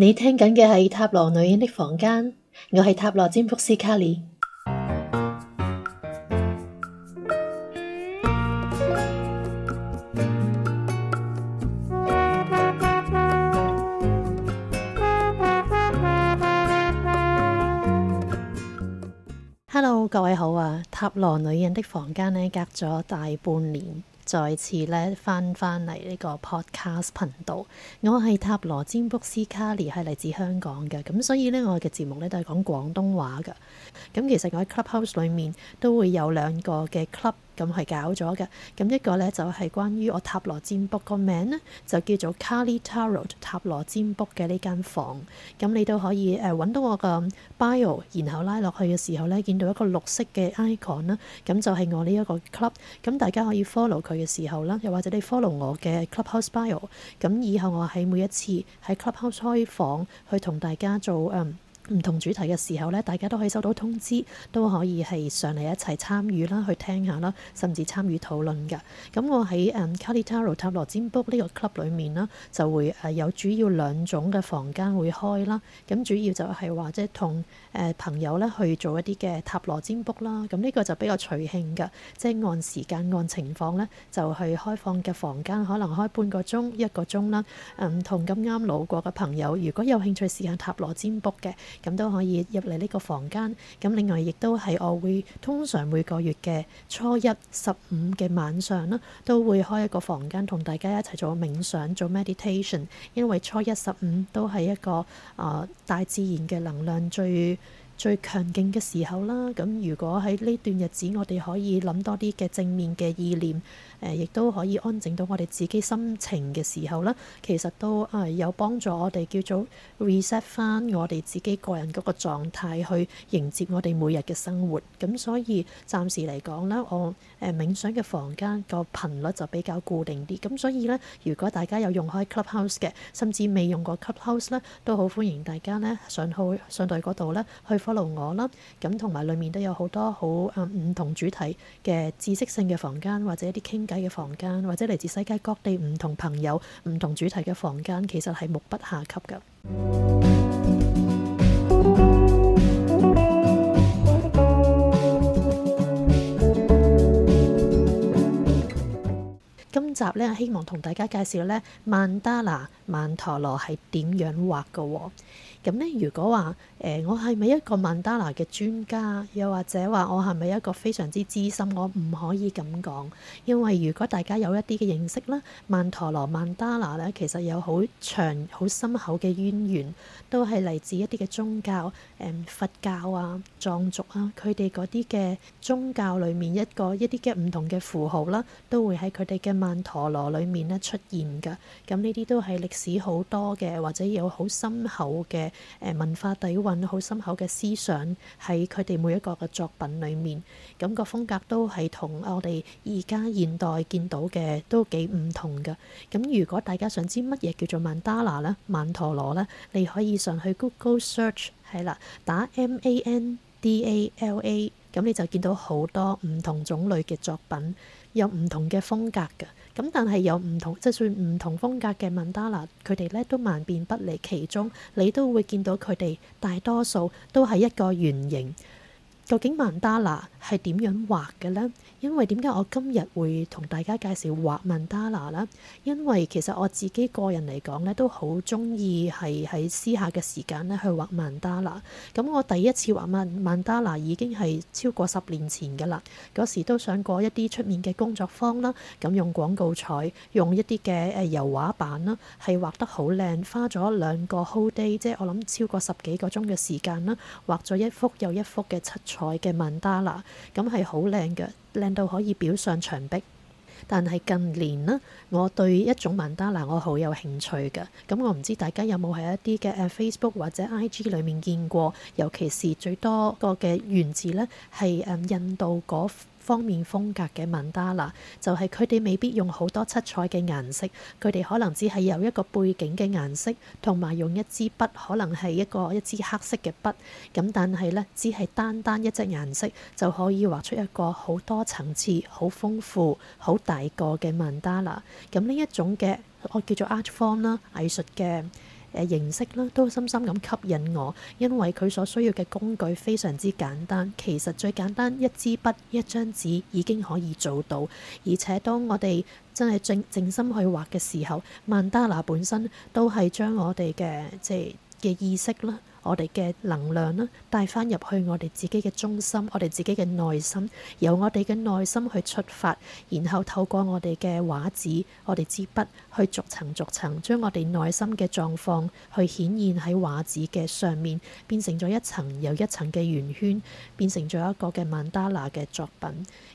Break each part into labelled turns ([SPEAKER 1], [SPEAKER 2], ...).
[SPEAKER 1] 你聽緊嘅係塔羅女人的房間，我係塔羅占卜師卡莉。Hello，各位好啊！塔羅女人的房間呢，隔咗大半年。再次咧翻翻嚟呢個 podcast 頻道，我係塔羅占卜師 Karlie，係嚟自香港嘅，咁所以咧我嘅節目咧都係講廣東話㗎。咁其實我喺 Clubhouse 裏面都會有兩個嘅 club。咁係搞咗嘅，咁一個咧就係、是、關於我塔羅占卜個名咧，就叫做 Carly Tarot 塔羅占卜嘅呢間房，咁你都可以誒揾、呃、到我個 bio，然後拉落去嘅時候咧，見到一個綠色嘅 icon 啦，咁就係我呢一個 club，咁大家可以 follow 佢嘅時候啦，又或者你 follow 我嘅 Clubhouse bio，咁以後我喺每一次喺 Clubhouse 開房去同大家做誒。呃唔同主題嘅時候呢，大家都可以收到通知，都可以係上嚟一齊參與啦，去聽下啦，甚至參與討論嘅。咁我喺誒 Carita 塔羅占卜呢個 club 裏面啦，就會誒有主要兩種嘅房間會開啦。咁主要就係話即係同誒朋友呢去做一啲嘅塔羅占卜啦。咁呢個就比較隨興嘅，即係按時間按情況呢，就去開放嘅房間，可能開半個鐘一個鐘啦。唔同咁啱路過嘅朋友，如果有興趣試下塔羅占卜嘅。咁都可以入嚟呢個房間，咁另外亦都係我會通常每個月嘅初一十五嘅晚上啦，都會開一個房間同大家一齊做冥想做 meditation，因為初一十五都係一個誒、呃、大自然嘅能量最最強勁嘅時候啦。咁如果喺呢段日子我哋可以諗多啲嘅正面嘅意念。誒，亦都可以安靜到我哋自己心情嘅時候咧，其實都誒有幫助我哋叫做 reset 返我哋自己個人嗰個狀態，去迎接我哋每日嘅生活。咁所以暫時嚟講咧，我誒冥想嘅房間個頻率就比較固定啲。咁所以呢，如果大家有用開 Clubhouse 嘅，甚至未用過 Clubhouse 呢，都好歡迎大家呢上去上到嗰度呢，去 follow 我啦。咁同埋裡面都有好多好唔同主題嘅知識性嘅房間或者一啲傾嘅房間，或者嚟自世界各地唔同朋友、唔同主題嘅房間，其實係目不暇給㗎。 今集呢，希望同大家介紹呢曼達拿曼陀羅係點樣畫嘅喎。咁咧，如果話誒，我係咪一個曼德拉嘅專家，又或者話我係咪一個非常之資深，我唔可以咁講，因為如果大家有一啲嘅認識啦，曼陀羅曼德拉咧，其實有好長、好深厚嘅淵源，都係嚟自一啲嘅宗教，誒、嗯、佛教啊、藏族啊，佢哋嗰啲嘅宗教裏面一個一啲嘅唔同嘅符號啦、啊，都會喺佢哋嘅曼陀羅裏面咧出現嘅。咁呢啲都係歷史好多嘅，或者有好深厚嘅。誒文化底藴好深厚嘅思想喺佢哋每一個嘅作品裏面，咁個風格都係同我哋而家現代見到嘅都幾唔同嘅。咁如果大家想知乜嘢叫做曼達拉咧、曼陀羅呢，你可以上去 Google search 係啦，打 M A N D A L A，咁你就見到好多唔同種類嘅作品。有唔同嘅風格嘅，咁但係有唔同，就算唔同風格嘅孟達拿，佢哋咧都萬變不離其宗。你都會見到佢哋大多數都係一個圓形。究竟曼達拉係點樣畫嘅呢？因為點解我今日會同大家介紹畫曼達拉呢？因為其實我自己個人嚟講呢都好中意係喺私下嘅時間呢去畫曼達拉。咁我第一次畫曼曼達拉已經係超過十年前嘅啦。嗰時都上過一啲出面嘅工作坊啦，咁用廣告彩，用一啲嘅誒油畫板啦，係畫得好靚，花咗兩個 whole day，即係我諗超過十幾個鐘嘅時,時間啦，畫咗一幅又一幅嘅七彩。海嘅曼達拿，咁係好靚嘅，靚到可以裱上牆壁。但係近年呢，我對一種曼達拿我好有興趣嘅。咁我唔知大家有冇喺一啲嘅 Facebook 或者 IG 裡面見過？尤其是最多個嘅源自呢，係印度嗰方面風格嘅曼達拉，就係佢哋未必用好多七彩嘅顏色，佢哋可能只係有一個背景嘅顏色，同埋用一支筆，可能係一個一支黑色嘅筆。咁但係呢，只係單單一隻顏色就可以畫出一個好多層次、好豐富、好大個嘅曼達拉。咁呢一種嘅我叫做 Art Form 啦，藝術嘅。誒形式啦，都深深咁吸引我，因為佢所需要嘅工具非常之簡單。其實最簡單，一支筆一張紙已經可以做到。而且當我哋真係靜靜心去畫嘅時候，曼陀羅本身都係將我哋嘅即係嘅意識啦。我哋嘅能量啦，帶翻入去我哋自己嘅中心，我哋自己嘅內心，由我哋嘅內心去出發，然後透過我哋嘅畫紙，我哋支筆去逐層逐層將我哋內心嘅狀況去顯現喺畫紙嘅上面，變成咗一層又一層嘅圓圈，變成咗一個嘅曼達拉嘅作品。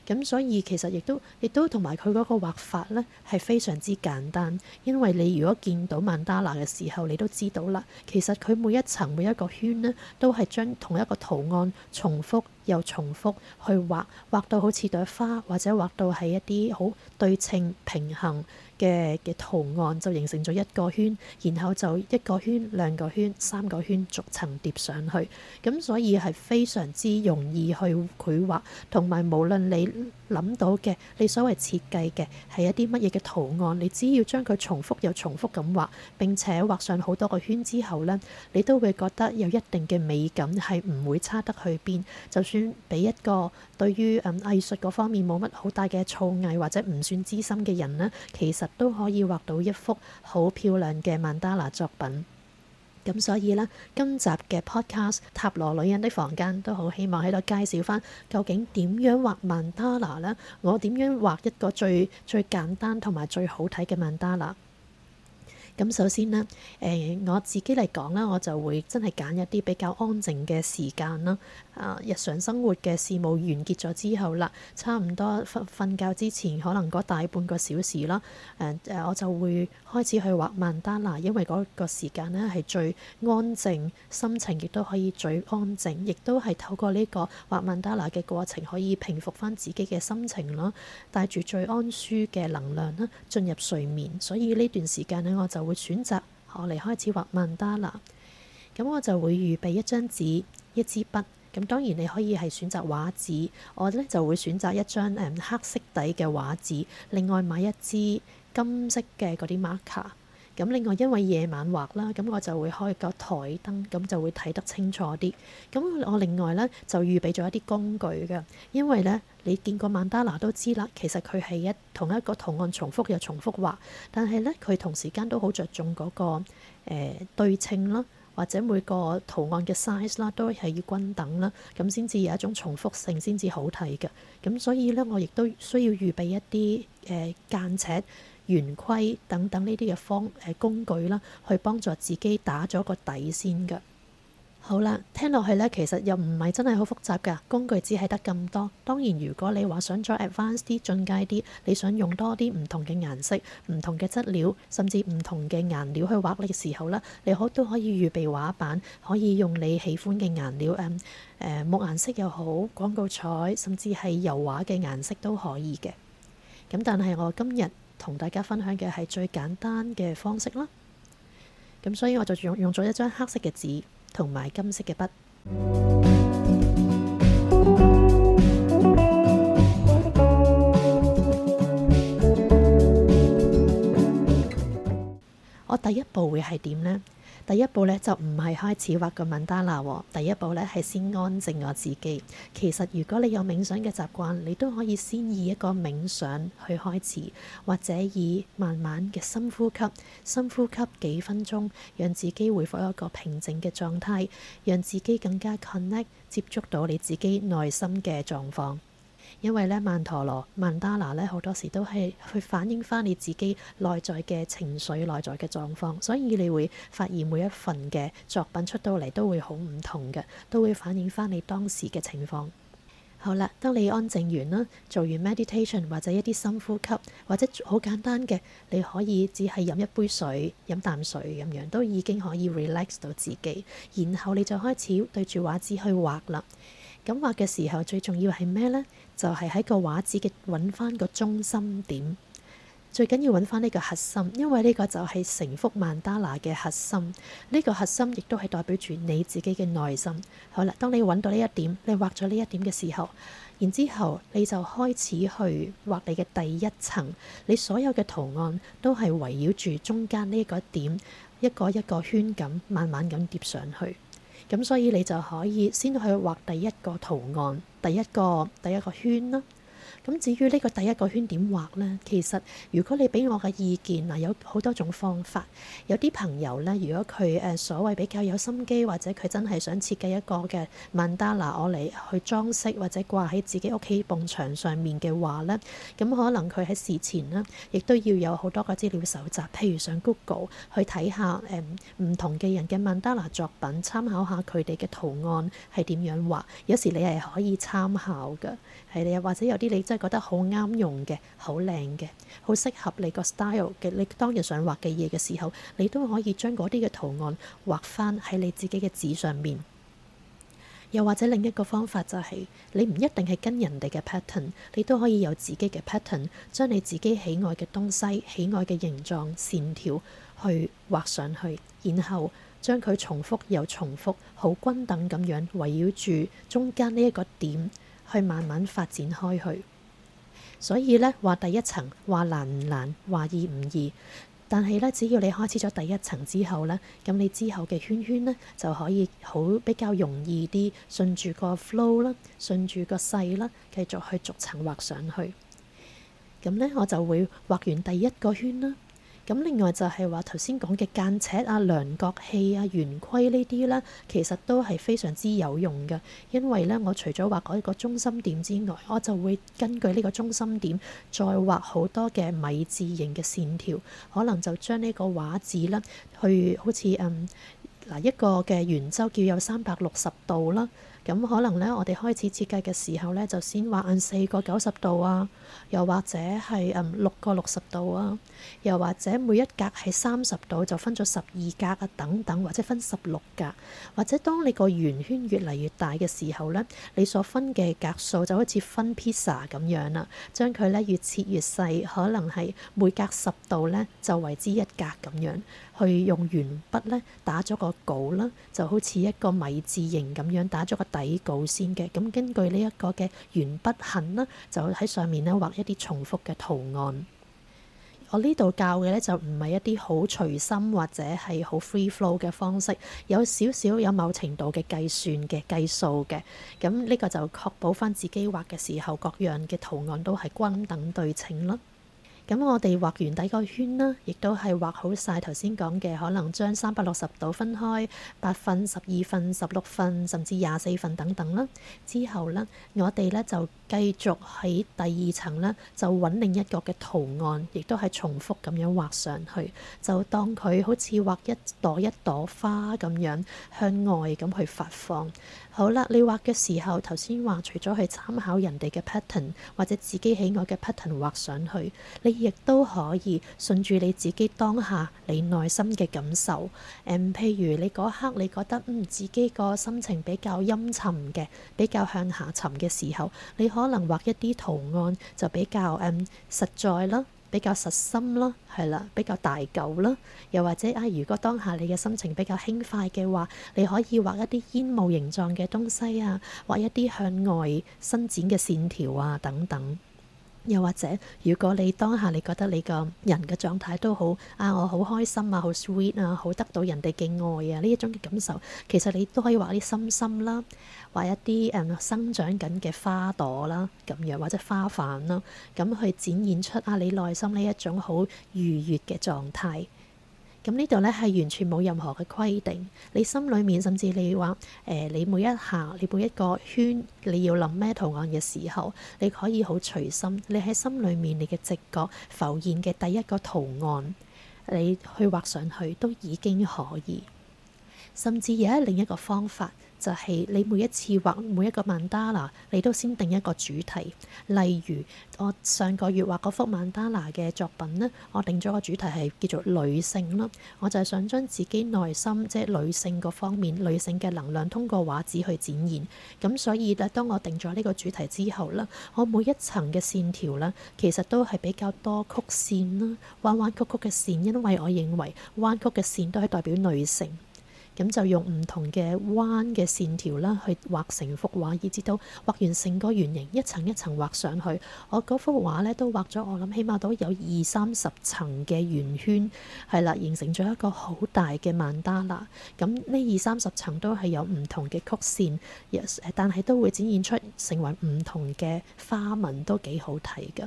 [SPEAKER 1] 咁所以其實亦都亦都同埋佢嗰個畫法咧係非常之簡單，因為你如果見到曼達拉嘅時候，你都知道啦，其實佢每一層每一個。圈咧都係將同一個圖案重複。又重複去畫，畫到好似朵花，或者畫到係一啲好對稱平衡嘅嘅圖案，就形成咗一個圈，然後就一個圈、兩個圈、三個圈逐層疊上去，咁所以係非常之容易去繪畫，同埋無論你諗到嘅，你所謂設計嘅係一啲乜嘢嘅圖案，你只要將佢重複又重複咁畫，並且畫上好多個圈之後咧，你都會覺得有一定嘅美感係唔會差得去邊就算。俾一個對於誒、嗯、藝術嗰方面冇乜好大嘅造詣或者唔算資深嘅人呢，其實都可以畫到一幅好漂亮嘅曼陀羅作品。咁所以呢，今集嘅 podcast《塔羅女人的房間》都好希望喺度介紹翻，究竟點樣畫曼陀羅咧？我點樣畫一個最最簡單同埋最好睇嘅曼陀羅？咁首先咧，誒我自己嚟講咧，我就會真係揀一啲比較安靜嘅時間啦，啊日常生活嘅事務完結咗之後啦，差唔多瞓瞓覺之前，可能個大半個小時啦，誒誒我就會開始去畫曼達拉，因為嗰個時間咧係最安靜，心情亦都可以最安靜，亦都係透過呢個畫曼達拉嘅過程，可以平復翻自己嘅心情啦，帶住最安舒嘅能量啦，進入睡眠。所以呢段時間咧，我就會選擇我嚟開始畫曼達啦。咁我就會預備一張紙、一支筆。咁當然你可以係選擇畫紙，我咧就會選擇一張誒、嗯、黑色底嘅畫紙。另外買一支金色嘅嗰啲 marker。咁另外因為夜晚畫啦，咁我就會開個台燈，咁就會睇得清楚啲。咁我另外咧就預備咗一啲工具嘅，因為咧。你見過曼達拿都知啦，其實佢係一同一個圖案重複又重複畫，但係呢，佢同時間都好着重嗰、那個誒、呃、對稱啦，或者每個圖案嘅 size 啦都係要均等啦，咁先至有一種重複性，先至好睇嘅。咁所以呢，我亦都需要預備一啲誒、呃、間尺、圓規等等呢啲嘅方誒、呃、工具啦，去幫助自己打咗個底先嘅。好啦，聽落去呢，其實又唔係真係好複雜㗎工具，只係得咁多。當然，如果你話想再 advanced 啲進階啲，你想用多啲唔同嘅顏色、唔同嘅質料，甚至唔同嘅顏料去畫你嘅時候呢，你可都可以預備畫板，可以用你喜歡嘅顏料，誒、嗯、誒、呃、木顏色又好廣告彩，甚至係油畫嘅顏色都可以嘅。咁但係我今日同大家分享嘅係最簡單嘅方式啦。咁所以我就用用咗一張黑色嘅紙。同埋金色嘅筆，我第一步會係點呢？第一步咧就唔係開始畫個 m i n 第一步咧係先安靜我自己。其實如果你有冥想嘅習慣，你都可以先以一個冥想去開始，或者以慢慢嘅深呼吸、深呼吸幾分鐘，讓自己恢復一個平靜嘅狀態，讓自己更加 connect 接觸到你自己內心嘅狀況。因為咧，曼陀羅曼達拿咧，好多時都係去反映翻你自己內在嘅情緒、內在嘅狀況，所以你會發現每一份嘅作品出到嚟都會好唔同嘅，都會反映翻你當時嘅情況。好啦，當你安靜完啦，做完 meditation 或者一啲深呼吸，或者好簡單嘅，你可以只係飲一杯水、飲啖水咁樣，都已經可以 relax 到自己。然後你就開始對住畫紙去畫啦。咁畫嘅時候最重要係咩呢？就係喺個畫紙嘅揾返個中心點，最緊要揾返呢個核心，因為呢個就係成幅曼達拿嘅核心。呢個核心亦都係代表住你自己嘅內心。好啦，當你揾到呢一點，你畫咗呢一點嘅時候，然之後你就開始去畫你嘅第一層，你所有嘅圖案都係圍繞住中間呢個點，一個一個圈咁慢慢咁疊上去。咁所以你就可以先去畫第一個圖案，第一個第一個圈啦。咁至於呢個第一個圈點畫呢？其實如果你俾我嘅意見啊，有好多種方法。有啲朋友呢，如果佢誒所謂比較有心機，或者佢真係想設計一個嘅曼德拉攞嚟去裝飾或者掛喺自己屋企埲牆上面嘅話呢，咁可能佢喺事前呢，亦都要有好多個資料搜集。譬如上 Google 去睇下誒唔同嘅人嘅曼德拉作品，參考下佢哋嘅圖案係點樣畫。有時你係可以參考嘅，係啊，或者有啲你真，覺得好啱用嘅，好靚嘅，好適合你個 style 嘅。你當日想畫嘅嘢嘅時候，你都可以將嗰啲嘅圖案畫翻喺你自己嘅紙上面。又或者另一個方法就係，你唔一定係跟人哋嘅 pattern，你都可以有自己嘅 pattern，將你自己喜愛嘅東西、喜愛嘅形狀、線條去畫上去，然後將佢重複又重複，好均等咁樣圍繞住中間呢一個點去慢慢發展開去。所以咧，畫第一層，畫難唔難，畫易唔易？但係咧，只要你開始咗第一層之後咧，咁你之後嘅圈圈咧就可以好比較容易啲，順住個 flow 啦，順住個勢啦，繼續去逐層畫上去。咁咧，我就會畫完第一個圈啦。咁另外就係話頭先講嘅間尺啊、量角器啊、圓規呢啲啦，其實都係非常之有用嘅，因為咧我除咗畫嗰個中心點之外，我就會根據呢個中心點再畫好多嘅米字形嘅線條，可能就將呢個畫紙咧去好似嗯嗱一個嘅圓周叫有三百六十度啦。咁可能呢，我哋開始設計嘅時候呢，就先畫按四個九十度啊，又或者係嗯六個六十度啊，又或者每一格係三十度就分咗十二格啊，等等或者分十六格，或者當你個圓圈越嚟越大嘅時候呢，你所分嘅格數就好似分披薩咁樣啦，將佢呢越切越細，可能係每格十度呢，就為之一格咁樣。去用鉛筆呢打咗個稿啦，就好似一個米字形咁樣打咗個底稿先嘅。咁根據呢一個嘅鉛筆痕啦，就喺上面呢畫一啲重複嘅圖案。我呢度教嘅呢，就唔係一啲好隨心或者係好 free flow 嘅方式，有少少有某程度嘅計算嘅計數嘅。咁呢個就確保返自己畫嘅時候各樣嘅圖案都係均等對稱啦。咁我哋畫完底個圈啦，亦都係畫好晒。頭先講嘅，可能將三百六十度分開八份、十二份、十六份，甚至廿四份等等啦。之後呢，我哋呢就繼續喺第二層呢，就揾另一個嘅圖案，亦都係重複咁樣畫上去，就當佢好似畫一朵一朵花咁樣向外咁去發放。好啦，你畫嘅時候，頭先話除咗去參考人哋嘅 pattern 或者自己喜愛嘅 pattern 畫上去，亦都可以順住你自己當下你內心嘅感受，譬如你嗰刻你覺得嗯自己個心情比較陰沉嘅，比較向下沉嘅時候，你可能畫一啲圖案就比較誒、嗯、實在啦，比較實心啦，係啦，比較大嚿啦。又或者啊，如果當下你嘅心情比較輕快嘅話，你可以畫一啲煙霧形狀嘅東西啊，畫一啲向外伸展嘅線條啊，等等。又或者，如果你當下你覺得你個人嘅狀態都好啊，我好開心啊，好 sweet 啊，好得到人哋嘅愛啊，呢一種嘅感受，其實你都可以畫啲心心啦，畫一啲誒、嗯、生長緊嘅花朵啦，咁樣或者花瓣啦，咁去展現出啊你內心呢一種好愉悅嘅狀態。咁呢度咧係完全冇任何嘅規定，你心裏面甚至你話誒、呃，你每一下、你每一個圈，你要諗咩圖案嘅時候，你可以好隨心，你喺心裏面你嘅直覺浮現嘅第一個圖案，你去畫上去都已經可以，甚至有另一個方法。就係你每一次畫每一個曼達拿，你都先定一個主題。例如我上個月畫嗰幅曼達拿嘅作品呢，我定咗個主題係叫做女性啦。我就係想將自己內心即係女性個方面、女性嘅能量，通過畫紙去展現。咁所以咧，當我定咗呢個主題之後呢，我每一層嘅線條呢，其實都係比較多曲線啦、彎彎曲曲嘅線，因為我認為彎曲嘅線都係代表女性。咁就用唔同嘅彎嘅線條啦，去畫成幅畫，以至到畫完成個圓形，一層一層畫上去。我嗰幅畫咧都畫咗，我諗起碼都有二三十層嘅圓圈，係啦，形成咗一個好大嘅曼達拉。咁呢二三十層都係有唔同嘅曲線，但係都會展現出成為唔同嘅花紋，都幾好睇㗎。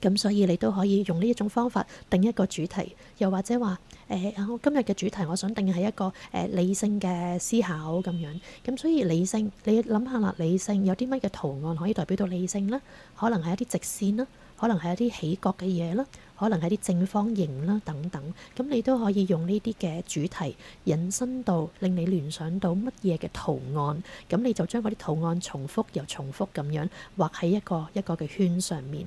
[SPEAKER 1] 咁所以你都可以用呢一種方法定一個主題，又或者話誒、欸，我今日嘅主題，我想定係一個誒、欸、理性嘅思考咁樣。咁所以理性，你諗下啦，理性有啲乜嘅圖案可以代表到理性呢？可能係一啲直線啦，可能係一啲起角嘅嘢啦，可能係啲正方形啦等等。咁你都可以用呢啲嘅主題引申到令你聯想到乜嘢嘅圖案。咁你就將嗰啲圖案重複又重複咁樣畫喺一個一個嘅圈上面。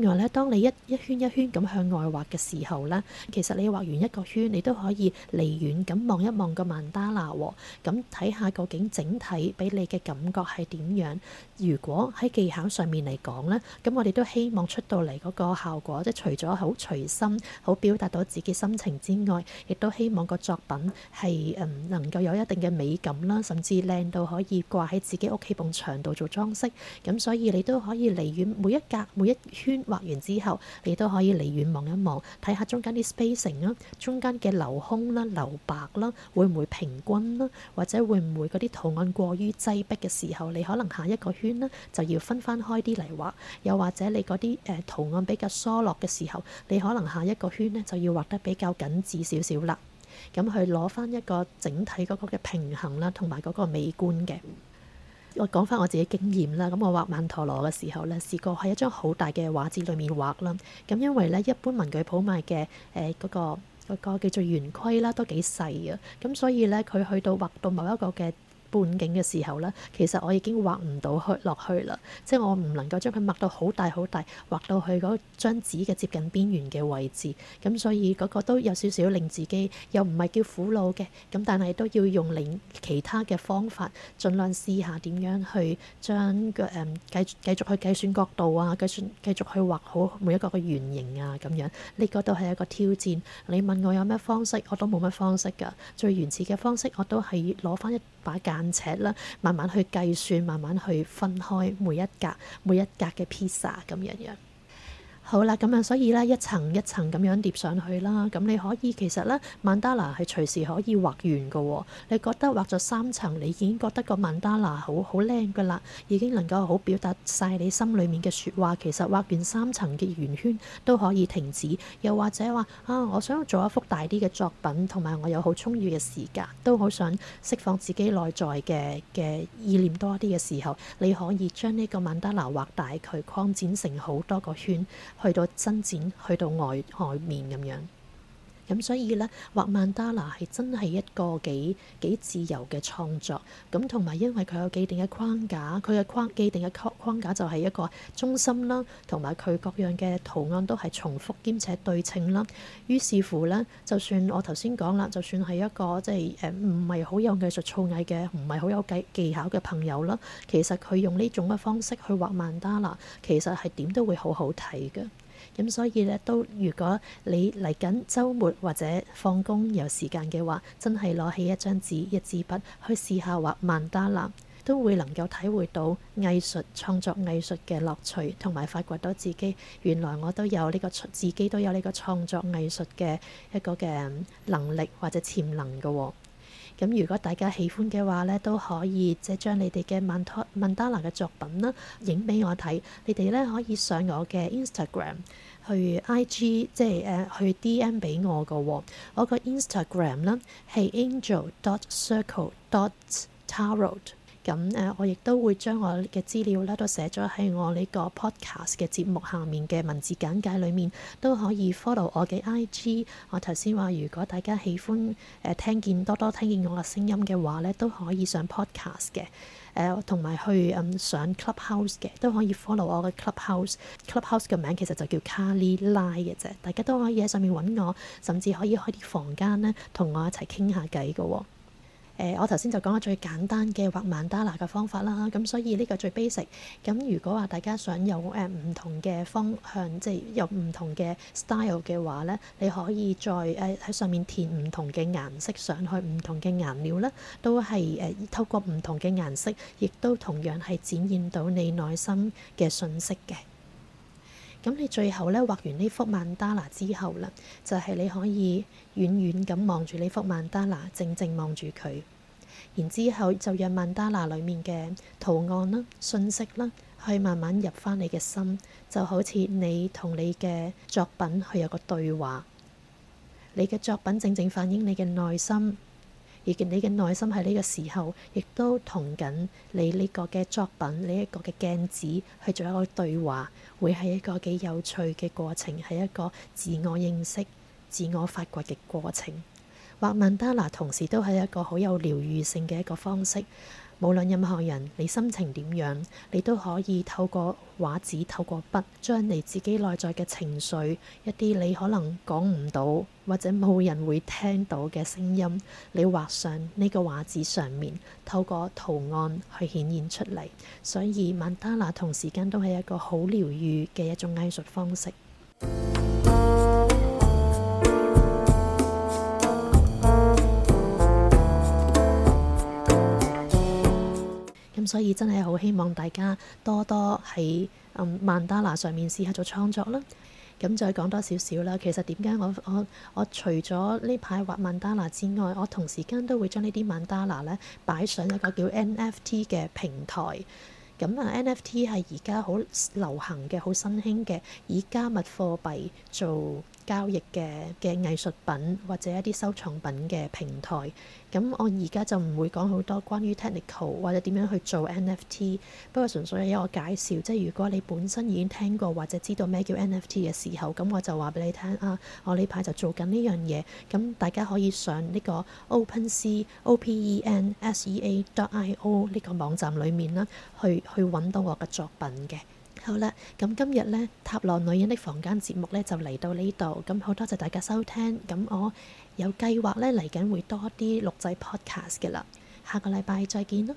[SPEAKER 1] 另外咧，當你一一圈一圈咁向外畫嘅時候咧，其實你畫完一個圈，你都可以離遠咁望一望個曼達拿喎，咁睇下究竟整體俾你嘅感覺係點樣。如果喺技巧上面嚟講咧，咁、嗯、我哋都希望出到嚟嗰個效果，即係除咗好隨心、好表達到自己心情之外，亦都希望個作品係、嗯、能夠有一定嘅美感啦，甚至靚到可以掛喺自己屋企埲牆度做裝飾。咁、嗯、所以你都可以離遠每一格、每一圈。畫完之後，你都可以離遠望一望，睇下中間啲 spacing 啦，中間嘅留空啦、留白啦，會唔會平均啦？或者會唔會嗰啲圖案過於擠迫嘅時候，你可能下一個圈呢，就要分翻開啲嚟畫；又或者你嗰啲誒圖案比較疏落嘅時候，你可能下一個圈呢，就要畫得比較緊緻少少啦。咁去攞翻一個整體嗰個嘅平衡啦，同埋嗰個美觀嘅。我講翻我自己經驗啦，咁我畫曼陀羅嘅時候咧，試過喺一張好大嘅畫紙裏面畫啦。咁因為咧，一般文具鋪賣嘅誒嗰個嗰個叫做圓規啦，都幾細啊。咁所以咧，佢去到畫到某一個嘅。半徑嘅時候咧，其實我已經畫唔到去落去啦，即係我唔能夠將佢畫到好大好大，畫到去嗰張紙嘅接近邊緣嘅位置。咁所以嗰個都有少少令自己又唔係叫苦惱嘅咁，但係都要用另其他嘅方法，儘量試下點樣去將個誒、嗯、繼續繼續去計算角度啊，計算繼續去畫好每一個嘅圓形啊，咁樣呢個都係一個挑戰。你問我有咩方式，我都冇乜方式㗎。最原始嘅方式我都係攞翻一，把間尺啦，慢慢去計算，慢慢去分開每一格、每一格嘅披薩噉樣樣。好啦，咁、嗯、啊，所以咧，一層一層咁樣疊上去啦。咁、嗯、你可以其實咧，曼德拉係隨時可以畫完噶、哦。你覺得畫咗三層，你已經覺得個曼德拉好好靚噶啦，已經能夠好表達晒你心裡面嘅説話。其實畫完三層嘅圓圈都可以停止。又或者話啊，我想做一幅大啲嘅作品，同埋我有好充裕嘅時間，都好想釋放自己內在嘅嘅意念多啲嘅時候，你可以將呢個曼德拉畫大，佢擴展成好多個圈。去到伸展，去到外外面咁樣。咁、嗯、所以呢，畫曼達拉係真係一個幾幾自由嘅創作，咁同埋因為佢有既定嘅框架，佢嘅框既定嘅框架就係一個中心啦，同埋佢各樣嘅圖案都係重複兼且對稱啦。於是乎呢，就算我頭先講啦，就算係一個即係誒唔係好有藝術造詣嘅，唔係好有技巧嘅朋友啦，其實佢用呢種嘅方式去畫曼達拉，其實係點都會好好睇嘅。咁、嗯、所以咧，都如果你嚟緊周末或者放工有時間嘅話，真係攞起一張紙一支筆去試下畫曼達拉，都會能夠體會到藝術創作藝術嘅樂趣，同埋發掘到自己原來我都有呢、這個自己都有呢個創作藝術嘅一個嘅能力或者潛能嘅喎、哦。咁如果大家喜歡嘅話咧，都可以即係將你哋嘅曼陀曼陀羅嘅作品啦，影俾我睇。你哋咧可以上我嘅 Instagram 去 IG，即係誒去 DM 俾我個。我個 Instagram 咧係 angel.circle.tarot 咁誒，我亦都會將我嘅資料咧都寫咗喺我呢個 podcast 嘅節目下面嘅文字簡介裏面，都可以 follow 我嘅 IG。我頭先話，如果大家喜歡誒、呃、聽見多多聽見我嘅聲音嘅話咧，都可以上 podcast 嘅誒，同、呃、埋去、嗯、上 Clubhouse 嘅，都可以 follow 我嘅 Clubhouse。Clubhouse 嘅名其實就叫 Carly Line 嘅啫，大家都可以喺上面揾我，甚至可以開啲房間咧，同我一齊傾下偈嘅喎。誒、呃，我頭先就講咗最簡單嘅畫曼達拿嘅方法啦，咁所以呢個最 basic。咁如果話大家想有誒唔同嘅方向，即係有唔同嘅 style 嘅話咧，你可以再誒喺上面填唔同嘅顏色上去，唔同嘅顏料咧，都係誒透過唔同嘅顏色，亦都同樣係展現到你內心嘅訊息嘅。咁你最後咧畫完呢幅曼達拿之後啦，就係、是、你可以遠遠咁望住呢幅曼達拿，靜靜望住佢，然之後就讓曼達拿裡面嘅圖案啦、信息啦，去慢慢入翻你嘅心，就好似你同你嘅作品去有個對話，你嘅作品正正反映你嘅內心。而嘅你嘅內心喺呢個時候，亦都同緊你呢個嘅作品、你呢個嘅鏡子去做一個對話，會係一個幾有趣嘅過程，係一個自我認識、自我發掘嘅過程。畫曼陀羅同時都係一個好有療愈性嘅一個方式。無論任何人，你心情點樣，你都可以透過畫紙、透過筆，將你自己內在嘅情緒、一啲你可能講唔到或者冇人會聽到嘅聲音，你畫上呢個畫紙上面，透過圖案去顯現出嚟。所以，曼陀羅同時間都係一個好療癒嘅一種藝術方式。所以真係好希望大家多多喺嗯、曼達拿上面試下做創作啦。咁再講多少少啦。其實點解我我我除咗呢排畫曼達拿之外，我同時間都會將呢啲曼達拿咧擺上一個叫 NFT 嘅平台。咁啊，NFT 係而家好流行嘅、好新興嘅，以加密貨幣做交易嘅嘅藝術品或者一啲收藏品嘅平台，咁我而家就唔會講好多關於 technical 或者點樣去做 NFT，不過純粹係一個介紹。即係如果你本身已經聽過或者知道咩叫 NFT 嘅時候，咁我就話俾你聽啊，我呢排就做緊呢樣嘢，咁大家可以上呢個 OpenSea，O、P、E、N、S、E、A.io 呢個網站裡面啦，去去揾到我嘅作品嘅。好啦，咁今日呢，《塔羅女人的房間》節目呢，就嚟到呢度，咁好多謝大家收聽，咁我有計劃呢，嚟緊會多啲錄製 podcast 嘅啦，下個禮拜再見啦。